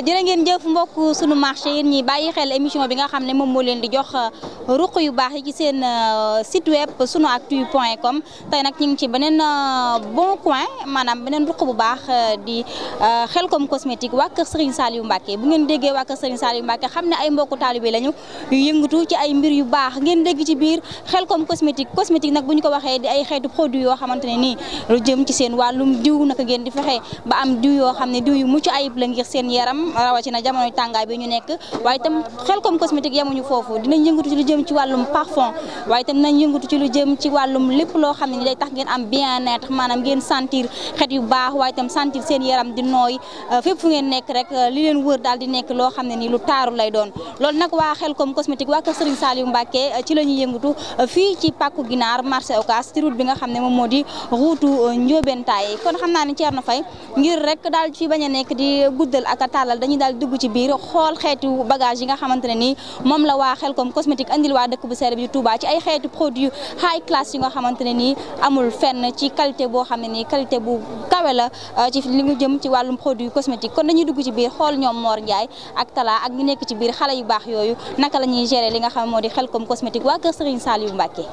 jërë ngeen jëf mbokk sunu marché yéen ñi bàyyi xel émission bi nga xam ne moom moo leen di jox uh, ruq yu baax yi ci seen uh, site web sunuactu point com tey nag ñu ngi ci beneen uh, bon coin maanaam beneen ruq bu baax di Xelcom cosmétique waa kër Serigne Saliou Mbacké bu ngeen déggee waa kër Serigne Saliou Mbacké xam ne ay mbokku taalibe lañu yu yëngatu ci ay mbir yu baax ngeen dégg ci biir xel Xelcom cosmétique cosmétique nag bu ñu ko waxee di ay xeetu produit yoo xamante ne nii lu jëm ci seen wàllum diw naka ngeen di fexe ba am diw yoo xam ne diw yu mucc ayib la ngir seen yaram na jamono tàngaay bi ñu nekk waaye itam Khelcom cosmétique ñu foofu dinañ yëngatu ci lu jëm ci wàllum parfum waaye itam nañ yëngatu ci lu jëm ci wàllum lépp loo xam ne ni day tax ngeen am bien-être maanaam ngeen sentir xet yu baax waaye itam sentir seen yaram di nooy euh, fépp fu ngeen nekk rek euh, li leen wër daal di nekk loo xam ne nii lu taaru lay doon lool nag waa Khelcom cosmétique waa kër Serigne Saliou Mbacké euh, ci la ñuy yëngatu fii ci pàkku ginaar marché Ocass ci route bi nga xam ne moom moo di route Ndiobène Taye kon xam naa ne Thierno Faye ngir rek daal ci bañ a nekk di guddal ak a tàllal dañuy daal dugg ci biir xool xeetu bagage yi nga xamante ne nii moom la waa xel Xelcom cosmétique andil waa dëkk bu seere bi Touba ci ay xeetu produit high class yi nga xamante ne nii amul fenn ci qualité boo xam ne nii qualité bu kawe la euh, ci li mu jëm ci wàllum produit cosmétique kon dañuy dugg ci biir xool ñoom Mor Ndiaye ak Talla ak ñu nekk ci biir xale yu baax yooyu naka la ñuy gérer li nga xam moo di Xelcom cosmétique waa kër Serigne Saliou Mbacké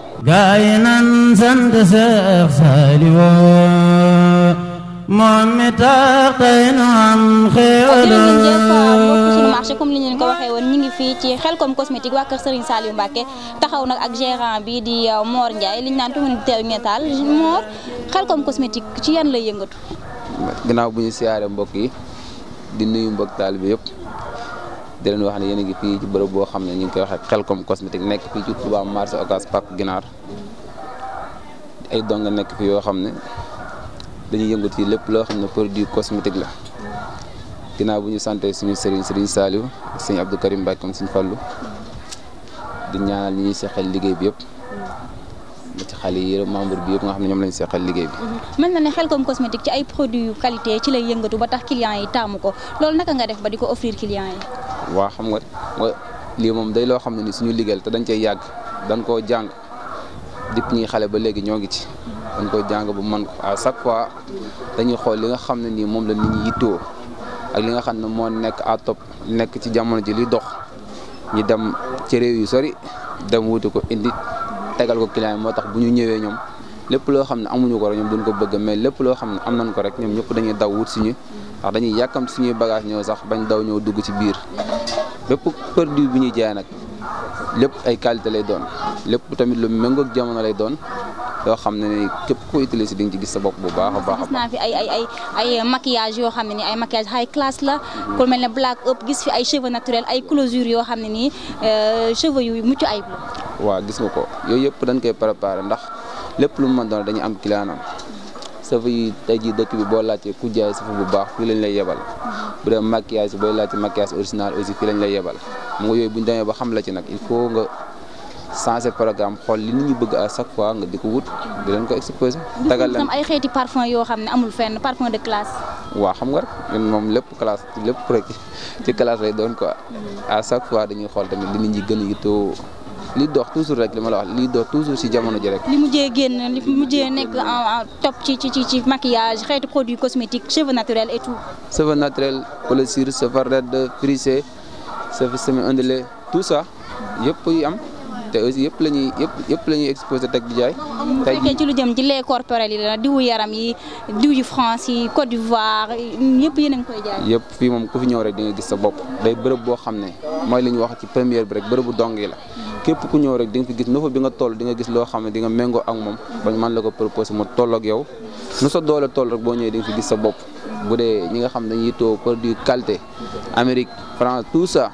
moom mi tax nu am xéwal. mbokk suñu marché comme li ñu ko waxee woon ñu ngi fii ci xel Xelcom cosmétique waa kër Serigne Saliou Mbacke taxaw nag ak gérant bi di euh, Mor Ndiaye li ñu naan tungu teew ngeen taal Mor Xelcom cosmétique ci yan la yëngatu. ginnaaw bu ñu siyaaree mbokk yi di nuyu mbokk taal bi yëpp di leen wax ne yéen a ngi fii ci bërëb boo xam ne ñu ngi koy waxee Xelcom cosmétique nekk fii ci Touba marché Ocass Pack Ginaar ay dong nekk fi yoo xam ne. dañuy yëngu yi lépp loo xam ne produit cosmétique la ginnaaw bu ñu sante suñu sëriñ sëriñ Saliou ak sëñ Abdou Karim Mbacke am suñu fàllu di ñaanal ñi ñuy seqal liggéey bi yëpp ba ci xale yi membre bi yëpp nga xam ne ñoom lañu seqal liggéey bi mel na ne Khelcom cosmétique ci ay produit yu qualité ci lay yëngatu ba tax clients yi taamu ko loolu naka nga def ba di ko offrir clients yi waa xam nga lii moom day loo xam ne ni suñu liggéeyal te dañ cey yàgg dañ koo jàng dip ñuy xale ba léegi ñoo ngi ci dañ koy jàng bu man ko à chaque fois dañuy xool li nga xam ne nii moom la nit ñi yittoo ak li nga xam ne moo nekk à top nekk ci jamono ji li dox ñu dem cere yu sori dem wuti ko indi tegal ko client moo tax bu ñu ñëwee ñoom lépp loo xam ne amuñu ko rek ñoom duñ ko bëgg mais lépp loo xam ne am nañ ko rek ñoom ñëpp dañuy daw wut ñu ndax dañuy yàkkam suñuy bagage ñëw sax bañ daw ñëw dugg ci biir bépp produit bi ñuy jaay nag lépp ay qualité lay doon lépp tamit lu méngoog jamono lay doon yoo xam ne ni képp ko utiliser di nga ci gis sa bopp bu baax a baax. fi ay ay ay ay maquillage yoo xam ne ni ay maquillage high class la. Mm-hmm. ku mel ne black up gis fi ay cheveux naturels ay closure yoo xam ne nii euh, cheveux yu mucc ayib la. waaw gis nga ko yooyu yëpp dañ koy préparer ndax lépp lu mu mën doon dañuy am client cheveux yi tey jii dëkk bi boo laajtee ku jaay cheveux bu baax fii lañ lay yebal mm-hmm. bu dee maquillage booy laajte maquillage original aussi fii lañ lay yebal mu nga yooyu bu ñu demee ba xam la ci nag il faut nga. changer programme xool li nit ñi bëgg à chaque fois nga di ko wut di leen ko exposer. tagal leen ay xeeti parfum yoo xam ne amul fenn parfum de classe. waaw xam nga rek moom lépp classe lépp rek ci classe lay doon quoi mm. xool tamit li nit ñi gën a yittoo li dox toujours rek li ma la wax li dox toujours si jamono ji rek. li mujjee génn li mujjee nekk top ci ci ci maquillage xeeti produits cosmétiques cheveux naturels et tout. cheveux naturels polycire cheveux red frisé cheveux semi ondulé tout ça yëpp te aussi yëpp la ñuy yëpp yëpp la ñuy exposé teg di jaay. bu fekkee ci lu jëm ci lait corporel yi la diwu yaram yi diw yu France yi Côte d'Ivoire yëpp yéen koy jaay. yëpp fii moom ku fi ñëw rek di nga gis sa bopp day bërëb boo xam ne mooy li ñu wax ci première bi rek bërëbu dong yi la. képp ku ñëw rek di nga fi gis noo fa bi nga toll di nga gis loo xam ne di nga méngoo ak moom bañ mën la ko proposé mu toll ak yow nu sa doole toll rek boo ñëwee di nga fi gis sa bopp. bu dee ñi nga xam dañuy too produit qualité Amérique France tout ça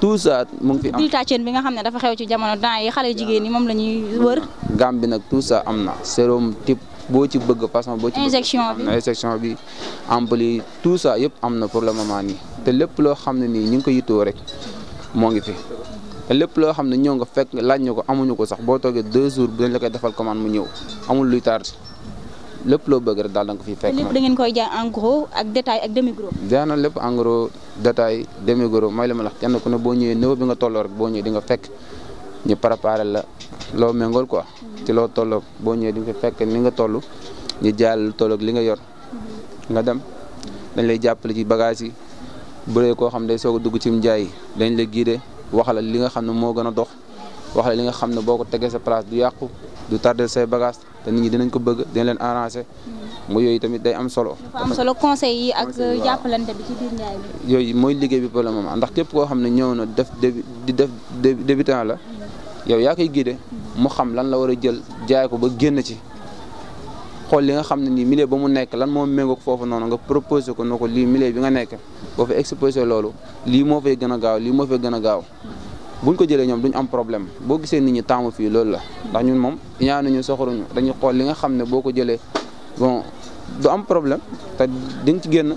tout ça mu ngi fi am. tàcceen bi nga xam ne dafa xew ci jamono temps yi xale jigéen ñi moom la ñuy wër. gam bi nag tout ça am na sérum type boo ci bëgg façon boo ci. injection bi injection bi ampli tout ça yëpp am na pour le moment nii te lépp loo xam ne nii ñu ngi ko yittoo rek moo ngi fi. te loo xam ne ñëw nga fekk laaj ñu ko amuñu ko sax boo toogee deux jours bu dañ la koy defal commande mu ñëw amul luy tardé. lépp loo bëgg rek daal da fekk. da ngeen koy jaar en gros ak détail ak demi gros. na lépp en gros détail demi gros mooy li ma la wax kenn ku ne boo ñëwee niveau bi nga tolloo boo ñëwee di nga fekk ñu préparé la loo méngool quoi. Mm-hmm. ci loo tolloo boo ñëwee di nga fekk ni nga toll ñu jaay lu toll li nga yor mm-hmm. nga dem dañ lay jàppale ci bagage yi bu dee koo xam day soog a dugg ci njaay yi dañ lay wax la li nga xam ne moo gën a dox waxala li nga xam ne boo ko tegee sa place du yàqu. du tardé say bagage te nit ñi dinañ ko bëgg dina leen arrangé mm. mu yooyu tamit day am solo. dafa am solo conseil yi ak jàppalante yooyu mooy liggéey bi pour le moment ndax képp koo xam ne ñëw na def di def débutant la mm. yow yaa koy de mm. mu xam lan la war a jël jaay ko ba génn ci. xool li nga xam ne nii milieu ba mu nekk lan moo méngoo foofu noonu nga proposé ko na ko lii milieu bi nga nekk boo fa exposé loolu lii moo fay gën a gaaw lii moo fay gën a gaaw bu buñ ko jëlee ñoom ñu am problème boo gisee nit ñu taamu fii loolu la ndax ñun moom ñaanuñu soxoruñu dañu xool li nga xam ne boo ko jëlee bon du problème te diñ ci génn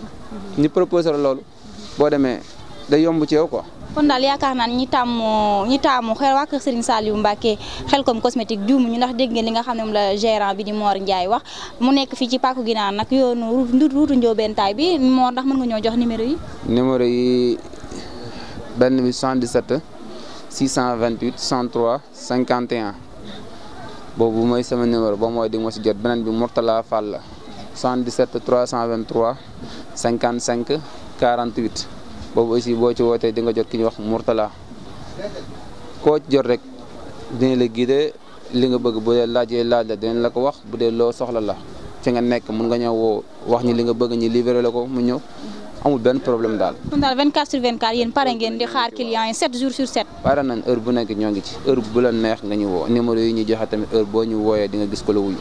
ñu proposé la loolu boo demee day yomb ci yow quoi. kon daal yaakaar naa ñi taamu ñi taamu xel waa kër Serigne Saliou Mbacke Khelcom cosmétique juumu ñu ndax dégg ngeen li nga xam ne moom la gérant bi di Mor Ndiaye wax mu nekk fii ci pàkku ginaar nag yoonu ruutu Ndiobentaay bi Mor ndax mën nga ñoo jox numéro yi. numéro yi benn bi 77. 628 103 51 boobu mooy sama numéro ba mooy di nga si jot beneen bi Mourtala Fall la 77 323 55 48 boobu aussi boo ci wootee di nga jot ki ñuy wax Mourtala koo ci jot rek dina la guider li nga bëgg bu dee laajee laaj la dinañ la ko wax bu dee loo soxla la fi nga nekk mun nga ñëw woo wax ñi li nga bëgg ñi libéré la ko mu ñëw amul benn problème daal. kon daal 24 sur 24 yéen pare ngeen di xaar clients yi 7 jours sur 7. pare nañ heure bu nekk ñoo ngi ci heure bu la neex nga ñu woo numéro yi ñu joxe tamit heure boo ñu wooyee di nga gis ko la wuyu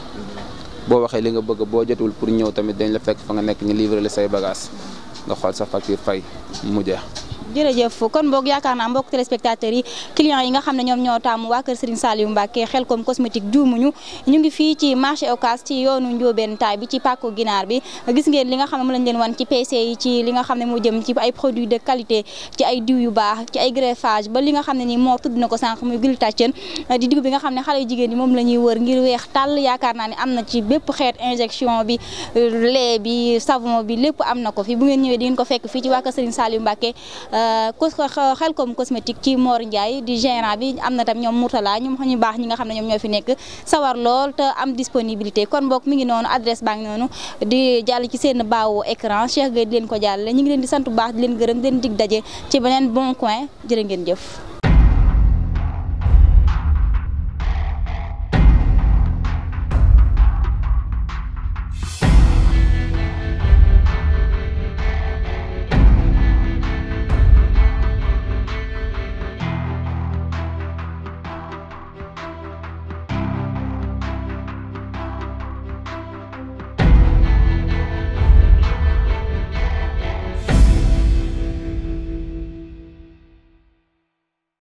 boo waxee li nga bëgg boo jotul pour ñëw tamit dañ la fekk fa nga nekk ñu livrer la say bagage nga xool sa facture fay mu jeex. jërëjëf kon boog yaakaar naa mbokk téléspectateurs yi clients yi nga xam ne ñoom ñoo taamu waa kër Serigne Saliou Mbacké Khelcom cosmétique juumuñu ñu ñu ngi fii ci marché ocas ci yoonu Ndiobène Taay bi ci pàkku ginaar bi gis ngeen li nga xam ne mu lañ leen wan ci PC ci li nga xam ne moo jëm ci ay produits de qualité ay diw yu baax ci ay greffage ba li nga xam ne ni moo tudd na ko sànq muy glutathione eh, di diw bi nga xam ne xale jigéen yi moom la wër ngir weex tàll yaakaar naa ni am na ci bépp xeet injection bi euh, lait bi savon bi lépp am na ko fi bu ngeen ñëwee di ngeen ko fekk fii ci waa kër Serigne Saliou Mbacké eh, Euh, Khelcom cosmétique ci moor Ndiaye di gérant bi am na tam ñoom Mourtala ñoom ñu baax ñi nga xam ne ñoom ñoo fi nekk sawar lool te am disponibilité kon mbokk mi ngi noonu adresse baa ngi noonu di jàll ci seen baaw écran Cheikh Gueye di leen ko jàllale ñu ngi leen di sant baax di leen gërëm di leen dig daje ci beneen bon coin jërë ngeen jëf